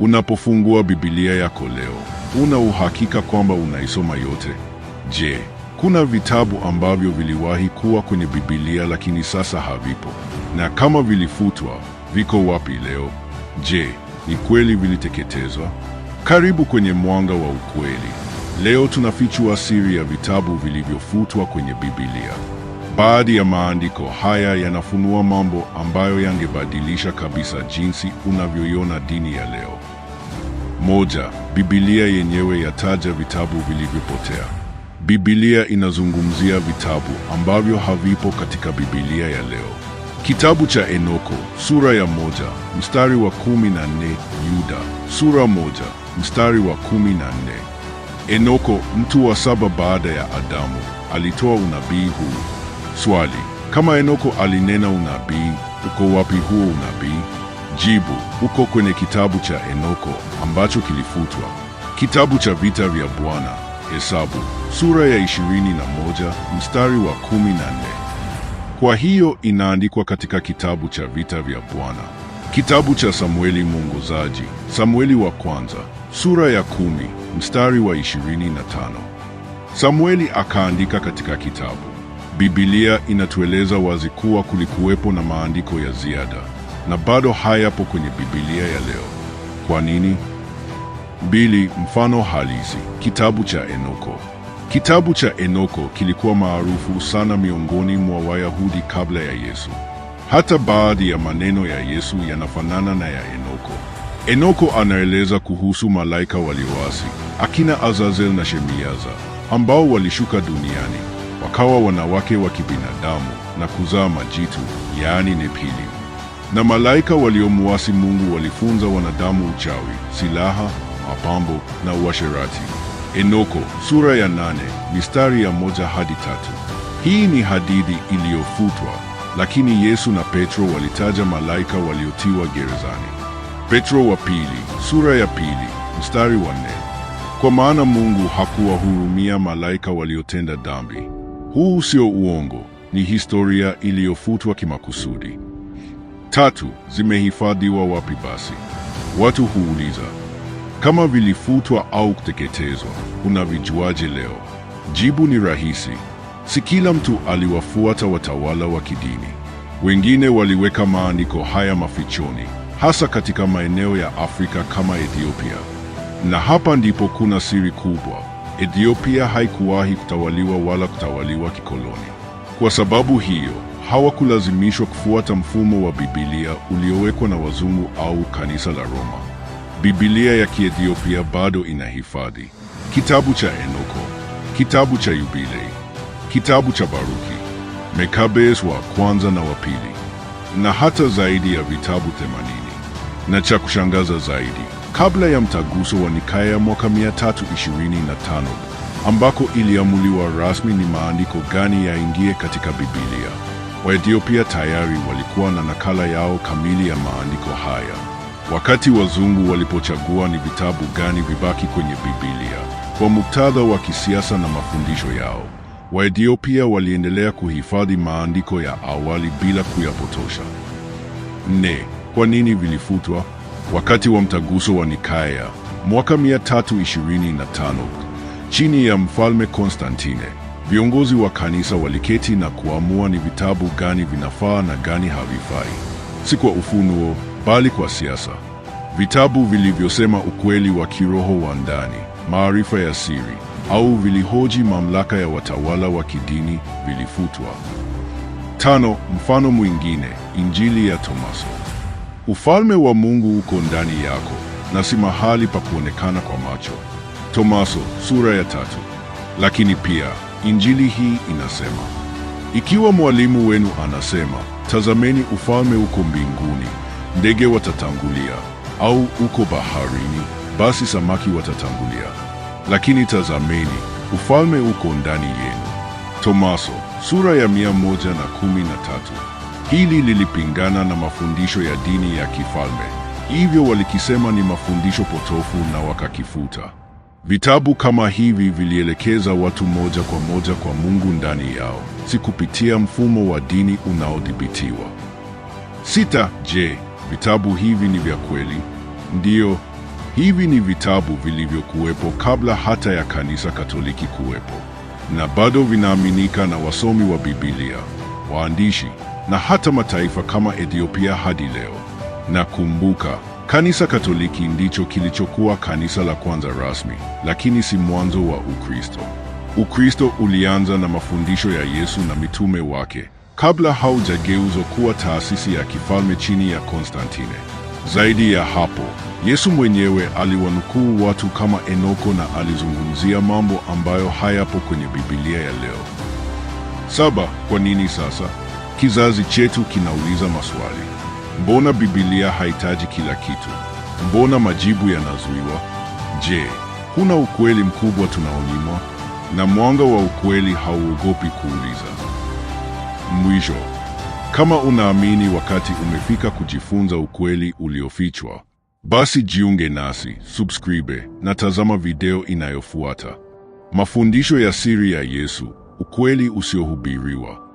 Unapofungua Biblia yako leo, una uhakika kwamba unaisoma yote? Je, kuna vitabu ambavyo viliwahi kuwa kwenye Biblia lakini sasa havipo? Na kama vilifutwa, viko wapi leo? Je, ni kweli viliteketezwa? Karibu kwenye Mwanga wa Ukweli. Leo tunafichua siri ya vitabu vilivyofutwa kwenye Biblia. Baadhi ya maandiko haya yanafunua mambo ambayo yangebadilisha kabisa jinsi unavyoiona dini ya leo. Moja, Biblia yenyewe yataja vitabu vilivyopotea. Biblia inazungumzia vitabu ambavyo havipo katika Biblia ya leo. Kitabu cha Enoko sura ya moja mstari wa kumi na nne Yuda sura moja mstari wa kumi na nne Enoko, mtu wa saba baada ya Adamu, alitoa unabii huu Swali: kama Enoko alinena unabii, uko wapi huo unabii? Jibu: uko kwenye kitabu cha Enoko ambacho kilifutwa, kitabu cha vita vya Bwana. Hesabu sura ya 21 mstari wa 14. Kwa hiyo inaandikwa katika kitabu cha vita vya Bwana, kitabu cha Samueli mwongozaji, Samueli wa kwanza sura ya kumi mstari wa 25. Samueli akaandika katika kitabu Biblia inatueleza wazi kuwa kulikuwepo na maandiko ya ziada na bado hayapo kwenye Biblia ya leo. Kwa nini? Mbili, mfano halisi, kitabu cha Enoko. Kitabu cha Enoko kilikuwa maarufu sana miongoni mwa Wayahudi kabla ya Yesu. Hata baadhi ya maneno ya Yesu yanafanana na ya Enoko. Enoko anaeleza kuhusu malaika walioasi, akina Azazel na Shemiaza, ambao walishuka duniani wakawa wanawake wa kibinadamu na kuzaa majitu, yaani Nephilim. Na malaika waliomuwasi Mungu walifunza wanadamu uchawi, silaha, mapambo na uasherati. Enoko sura ya nane mistari ya moja hadi tatu. Hii ni hadithi iliyofutwa, lakini Yesu na Petro walitaja malaika waliotiwa gerezani. Petro wa pili sura ya pili mstari wa nne. Kwa maana Mungu hakuwahurumia malaika waliotenda dhambi huu sio uongo, ni historia iliyofutwa kimakusudi. Tatu, zimehifadhiwa wapi basi? Watu huuliza, kama vilifutwa au kuteketezwa, unavijuaje leo? Jibu ni rahisi. Si kila mtu aliwafuata watawala wa kidini. Wengine waliweka maandiko haya mafichoni, hasa katika maeneo ya Afrika kama Ethiopia. Na hapa ndipo kuna siri kubwa. Ethiopia haikuwahi kutawaliwa wala kutawaliwa kikoloni. Kwa sababu hiyo, hawakulazimishwa kufuata mfumo wa Biblia uliowekwa na wazungu au kanisa la Roma. Biblia ya Kiethiopia bado inahifadhi kitabu cha Enoko, kitabu cha Yubilei, kitabu cha Baruki, Mekabes wa kwanza na wa pili, na hata zaidi ya vitabu themanini. Na cha kushangaza zaidi kabla ya mtaguso wa Nikaya mwaka 325 ambako iliamuliwa rasmi ni maandiko gani yaingie katika Biblia. Waethiopia tayari walikuwa na nakala yao kamili ya maandiko haya, wakati wazungu walipochagua ni vitabu gani vibaki kwenye Biblia kwa muktadha wa kisiasa na mafundisho yao. Waethiopia waliendelea kuhifadhi maandiko ya awali bila kuyapotosha. ne kwa nini vilifutwa? wakati wa mtaguso wa Nikaya mwaka 325 chini ya mfalme Konstantine. Viongozi wa kanisa waliketi na kuamua ni vitabu gani vinafaa na gani havifai, si kwa ufunuo bali kwa siasa. Vitabu vilivyosema ukweli wa kiroho wa ndani, maarifa ya siri, au vilihoji mamlaka ya watawala wa kidini vilifutwa. Tano, mfano mwingine, Injili ya Tomaso. Ufalme wa Mungu uko ndani yako na si mahali pa kuonekana kwa macho. Tomaso sura ya tatu. Lakini pia injili hii inasema, ikiwa mwalimu wenu anasema, tazameni ufalme uko mbinguni, ndege watatangulia, au uko baharini, basi samaki watatangulia. Lakini tazameni ufalme uko ndani yenu. Tomaso sura ya mia moja na kumi na tatu. Hili lilipingana na mafundisho ya dini ya kifalme, hivyo walikisema ni mafundisho potofu na wakakifuta. Vitabu kama hivi vilielekeza watu moja kwa moja kwa Mungu ndani yao, si kupitia mfumo wa dini unaodhibitiwa. Sita. Je, vitabu hivi ni vya kweli? Ndiyo, hivi ni vitabu vilivyokuwepo kabla hata ya kanisa Katoliki kuwepo na bado vinaaminika na wasomi wa Biblia waandishi na hata mataifa kama Ethiopia hadi leo. Na kumbuka, kanisa Katoliki ndicho kilichokuwa kanisa la kwanza rasmi, lakini si mwanzo wa Ukristo. Ukristo ulianza na mafundisho ya Yesu na mitume wake kabla haujageuzwa kuwa taasisi ya kifalme chini ya Konstantine. Zaidi ya hapo, Yesu mwenyewe aliwanukuu watu kama Enoko na alizungumzia mambo ambayo hayapo kwenye Biblia ya leo. Saba, kwa nini sasa? Kizazi chetu kinauliza maswali. Mbona Biblia haitaji kila kitu? Mbona majibu yanazuiwa? Je, kuna ukweli mkubwa tunaonyimwa? Na mwanga wa ukweli hauogopi kuuliza. Mwisho, kama unaamini wakati umefika kujifunza ukweli uliofichwa, basi jiunge nasi, subscribe na tazama video inayofuata. Mafundisho ya siri ya Yesu ukweli usiohubiriwa.